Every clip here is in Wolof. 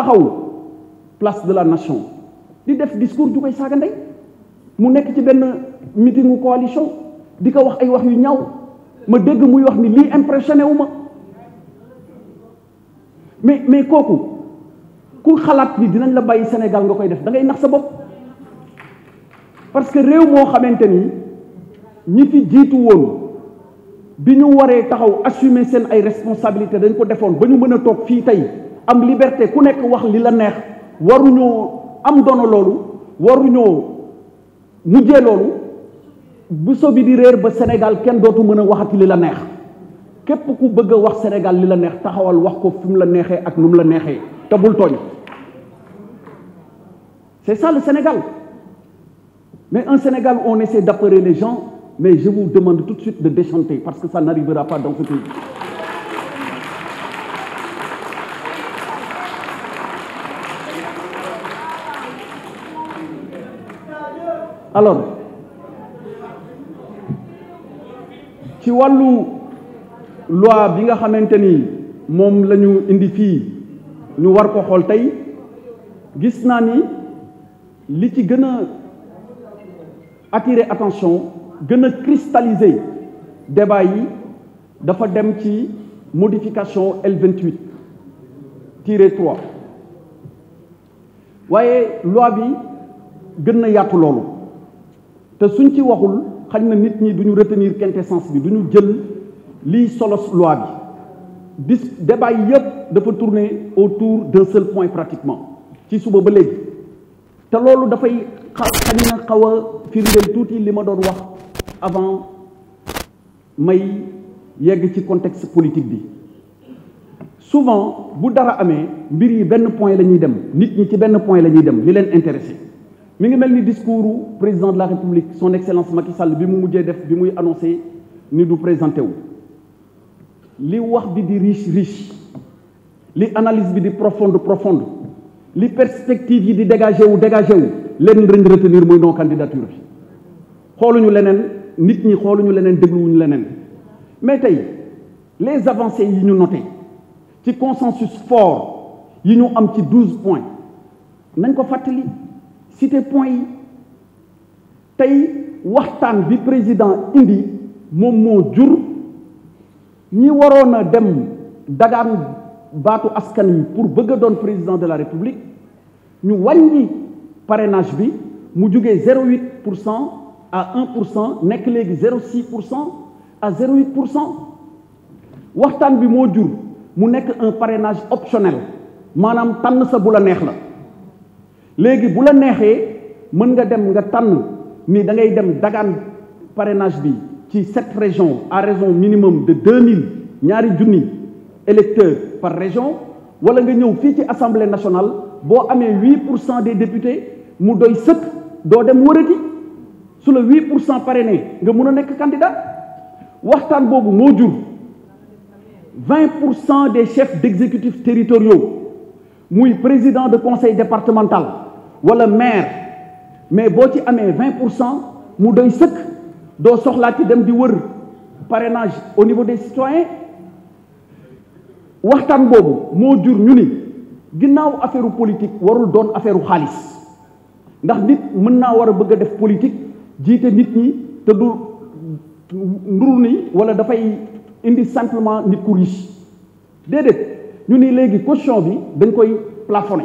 taxaw place de la nation di def discours ju koy saga nday mu nek ci ben meeting coalition di ko wax ay wax yu ñaaw ma dégg muy wax ni li impressioné wuma mais mais koku ku xalat ni dinañ la bayyi Sénégal nga koy def da ngay nax sa bop parce que rew mo xamanteni ñi fi jitu won biñu waré taxaw assumer sen ay responsabilité dañ ko defoon bañu mëna tok a tay am liberté ku nekk wax li la neex waruñoo am dono loolu waruñoo mujjee loolu bu sobi di réer ba Sénégal kenn dootu mën a waxati li la neex képp ku bëgg wax Sénégal li la neex taxawal wax ko fi mu la neexee ak nu la neexee te bul tooñ c'est ça le Sénégal mais un Sénégal on essaie d'appeler les gens mais je vous demande tout de suite de déchanter parce que ça n'arrivera pas dans ce pays alors ci walu loi bi nga xamanteni indi ko gis ni li ci attention nous cristalliser débat modification L28 tiré 3 la loi bi gëna te suñ ci waxul xañ na nit ñi duñu retenir quintessence bi duñu jël liy solo loi bi dis débat yi yëpp dafa tourner autour d'un seul point pratiquement ci suba ba léegi te loolu dafay xañ na xaw a firndeel tuuti li ma doon wax avant may yegg ci contexte politique bi souvent bu dara amee mbir yi benn point la ñuy dem nit ñi ci benn point la ñuy dem li leen intéressé mi ngi mel ni discours président de la république son excellence Macky Sall bi mu mujjee def bi muy annoncé ni du présenté wu li wax bi di riche riche li analyse bi di profonde profonde li perspective yi di dégagé wu dégagé wu retenir muy non candidature bi xooluñu leneen nit ñi xooluñu leneen dégluwuñu leneen mais tey les avancées yi ñu noté ci consensus fort yi ñu am ci 12 points nañ ko fàttali cité point yi tay waxtan bi président indi mom mo jur ñi warona dem dagaan batu askan yi pour bëgg président de la république ñu wàññi parrainage bi mu jugee 0,8 à 1 nek cent 0,6 à 0,8 waxtan bi mo jur mu nek un parrainage optionnel manam Tan sa bu la neex la léegi bu la neexee mën nga dem nga tànn ni da ngay dem dagaan parrainage bi ci cette à raison minimum de 2000 mille ñaari junni électeurs par région wala nga ñëw fii ci assemblée nationale boo amee 8% pour des députés mu doy sëkk doo dem wërati su la huit pour cent parrainé nga mun a nekk candidat waxtaan boobu moo des chefs d'exécutifs territoriaux muy président de conseil départemental wala maire mais boo ci amee vingt pour cent mu doy sëkk doo soxlaati dem di wër parrainage au niveau des citoyens waxtaan boobu moo jur ñu ni ginnaaw affaire politique warul doon affaire xaalis ndax nit mën naa war a bëgg a def politique jiite nit ñi te du nduru ni wala dafay indi simplement nit ku riche déedéet ñu ni léegi caution bi dañ koy plafonné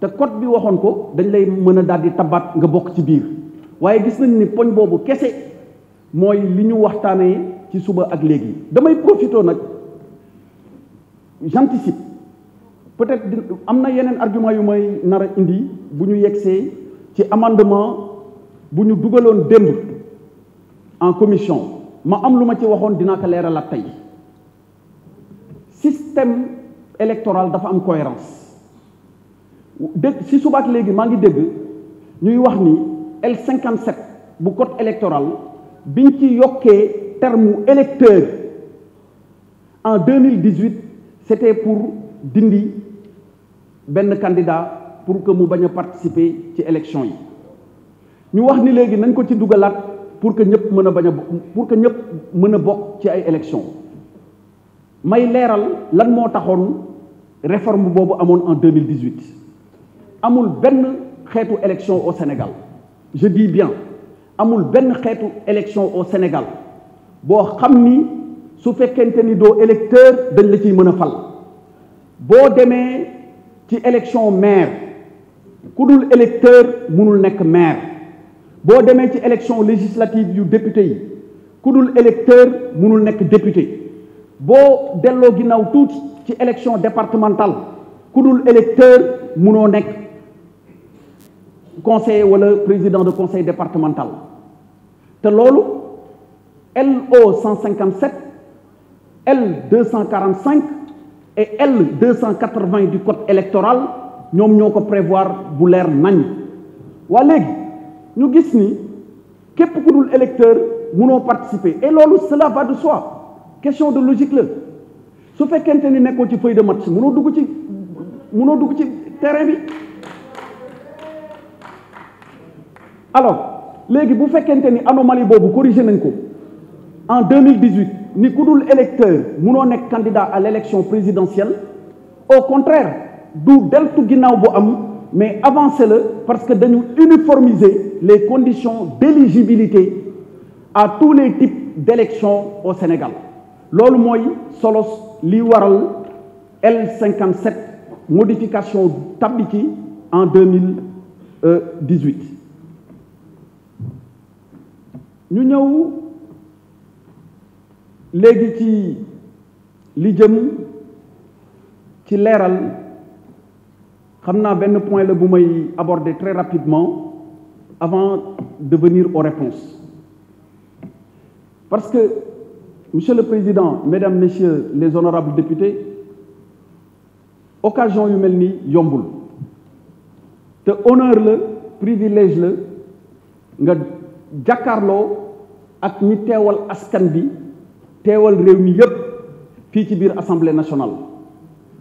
te code bi waxoon ko dañ lay mën a daal di tabaat nga bokk ci biir waaye gis nañ ni poñ boobu kese mooy li ñu waxtaanee ci suba ak léegi damay profité nag j'anticipe peut-être am na yeneen argument yu may nar a indi bu ñu yegsee ci amandement bu ñu dugaloon démb en commission ma am lu ma ci waxoon dinaa ko leeralaat tey système électoral dafa am cohérence si subaak léegi maa ngi dégg ñuy wax ni L57 bu code électoral biñ ci yokkee terme électeur en 2018 c'était pour dindi benn candidat pour que mu bañ a participer ci élection yi ñu wax ni léegi nañ ko ci dugalaat pour que ñëpp mën a bañ a pour que ñëpp mën a bokk ci ay élection may leeral lan moo taxoon réforme boobu amoon en 2018 amul ben xeetu élection au Sénégal je dis bien amul ben xeetu élection au Sénégal boo xam ni su fekkente ni doo électeur dañ la ciy mën a fal boo demee ci élection maire ku dul électeur mënul nekk maire boo demee ci élection législative yu député yi ku électeur mënul nekk député boo delloo ginnaaw ci élection départementale ku dul électeur mënoo nekk conseiller le président de conseil départemental te LO 157 L 245 et L 280 du code électoral nous ñoo prévoir bu nous nañ Nous que ñu que ni képp ku participer et lolu, cela va de soi question de logique Si su ne ni pas ci feuille de match nous dugg ci pas dugg terrain alors les bu fait ni anomalie vous corrigé nañ en 2018 ni électeurs, électeur munoo candidats candidat à l'élection présidentielle au contraire nous, candidats à l'élection am mais avancez-le, parce que nous uniformiser les conditions d'éligibilité à tous les types d'élections au Sénégal L'olmoi mooy solos li L57 modification tabiki en 2018 nous avons léegi ci li jëm ci leeral xam benn point la bu may aborder très rapidement avant de venir aux réponses parce que monsieur le président mesdames messieurs les honorables députés occasion yu mel yombul te honneur le, privilège le, nga jàkkaarloo ak ñi teewal askan bi teewal réew mi yépp fii ci biir assemblée nationale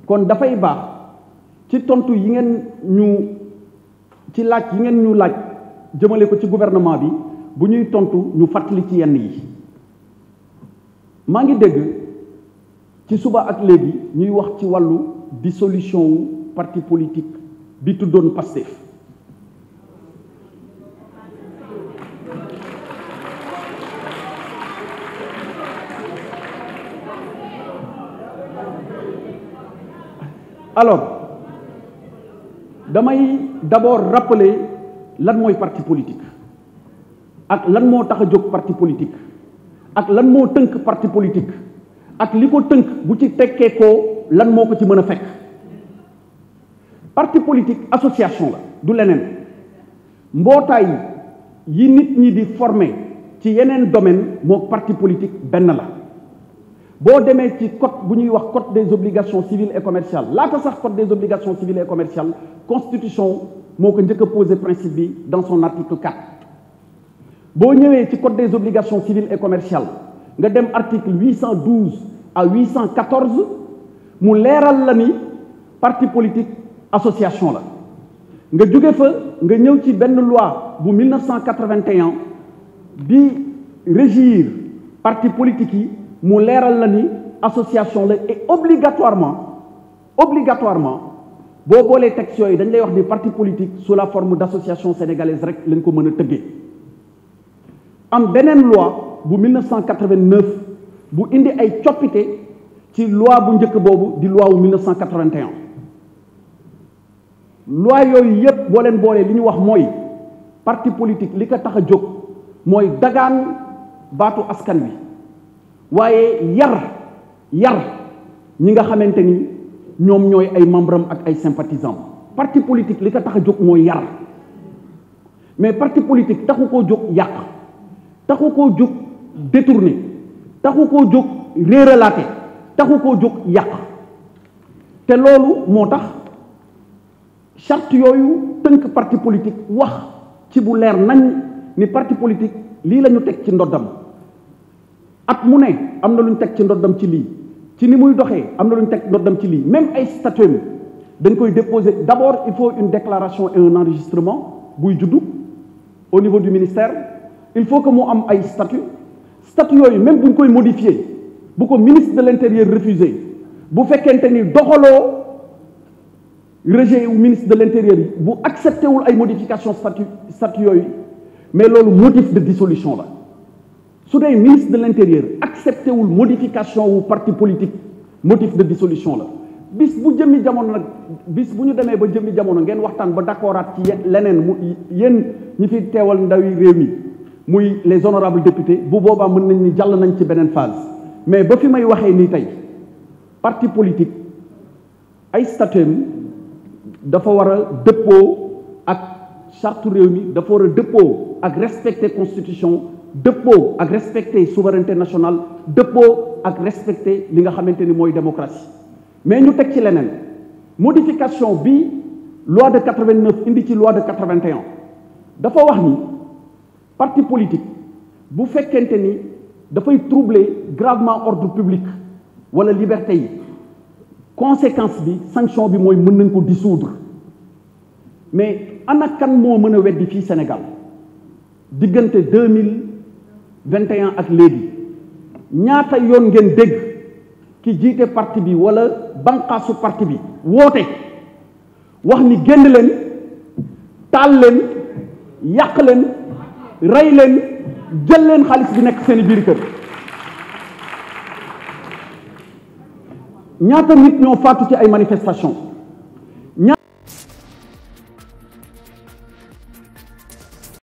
kon dafay baax ci tontu yi ngeen ñu ci laaj yi ngeen ñu laaj jëmale ko ci gouvernement bi bu ñuy tontu ñu fàttali ci yenn yi maa ngi dégg ci suba ak léegi ñuy wax ci wàllu dissolution parti politique bi tuddoon Pastef alors damay d'abord rappeler lan mooy parti politique ak lan moo tax a jóg parti politique ak lan moo tënk parti politique ak li ko tënk bu ci tekkee ko lan moo ko ci mën a fekk parti politique association la du leneen mbootaay yi nit ñi di former ci yeneen domaine moo parti politique benn la boo demee ci code bu ñuy code des obligations civiles et commerciales La sax code des obligations civiles et commerciales constitution moo ko njëkk a posé principe dans son article 4 boo ñëwee ci code des obligations civiles et commerciales nga dem article 812 à 814 mu leeral la ni parti politique association la nga jóge fa nga ñëw ci loi bu 1981 qui régir parti politique yi mu leeral la ni association la et obligatoirement obligatoirement boo boolee textes yooyu dañ lay wax ni parti politique sous la forme d'association sénégalaise rek lañ ko mën a tëggee am beneen loi bu 1989 bu indi ay coppite ci loi bu njëkk boobu di loi wu 1981 loi yooyu yëpp boo leen boolee li ñu wax mooy parti politique li ko tax Dagan jóg mooy askan wi waye yar yar ñi nga xamanteni ñom ñoy ay membre ak ay sympathisant parti politique li ko tax a moy yar mais parti politique taxu ko jóg yak taxu ko jóg détourner taxu ko jóg rerelater taxu ko jóg yak té lolu motax charte yoyu teunk parti politique wax ci bu lèr nañ ni parti politique li lañu tek ci ndodam at mu ne am na lu teg ci ndoddam ci lii ci ni muy doxee am na lu teg ndoddam ci lii même ay statuts dañ koy déposer d' abord il faut une déclaration et un enregistrement buy juddu au niveau du ministère il faut que mu am ay statut statut yooyu même buñ koy modifier bu ko ministre de l' intérieur refusé bu fekkente ni doxaloo rejet wu ministre de l' intérieur bu accepté wul ay modification statut statut yooyu mais loolu motif de dissolution la su dee ministre de l'intérieur accepté wul modification wu parti politique motif de dissolution la bis bu jëmmi jamono nag bis bu ñu demee ba jëmmi jamono ngeen waxtaan ba d'accordaat ci leneen mu yéen ñi fi teewal ndawi réew mi muy les honorables députés bu boobaa mën nañ ni jàll nañ ci beneen phase mais ba fi may waxee nii tey parti politique ay statut dafa war a dëppoo ak charte réew mi dafa war a dëppoo ak respecter constitution Dépôt, ak respecter souveraineté nationale dépôt, ak respecter li nga xamanteni moy démocratie mais ñu tek ci lenen modification bi loi de 89 indi ci loi de 81 dafa wax ni parti politique bu fekkente ni dafay troubler gravement ordre public la liberté yi conséquence bi sanction bi mooy mën nañ ko dissoudre mais ana kan moo mën a weddi au Sénégal diggante 2000 21 ak léegi ñaata yoon ngeen dégg ki jiite parti bi wala banqaasu parti bi woote wax ni génn leen taal leen yàq leen rey leen jël leen xaalis bi nekk seeni biir kër ñaata nit ñoo faatu ci ay manifestation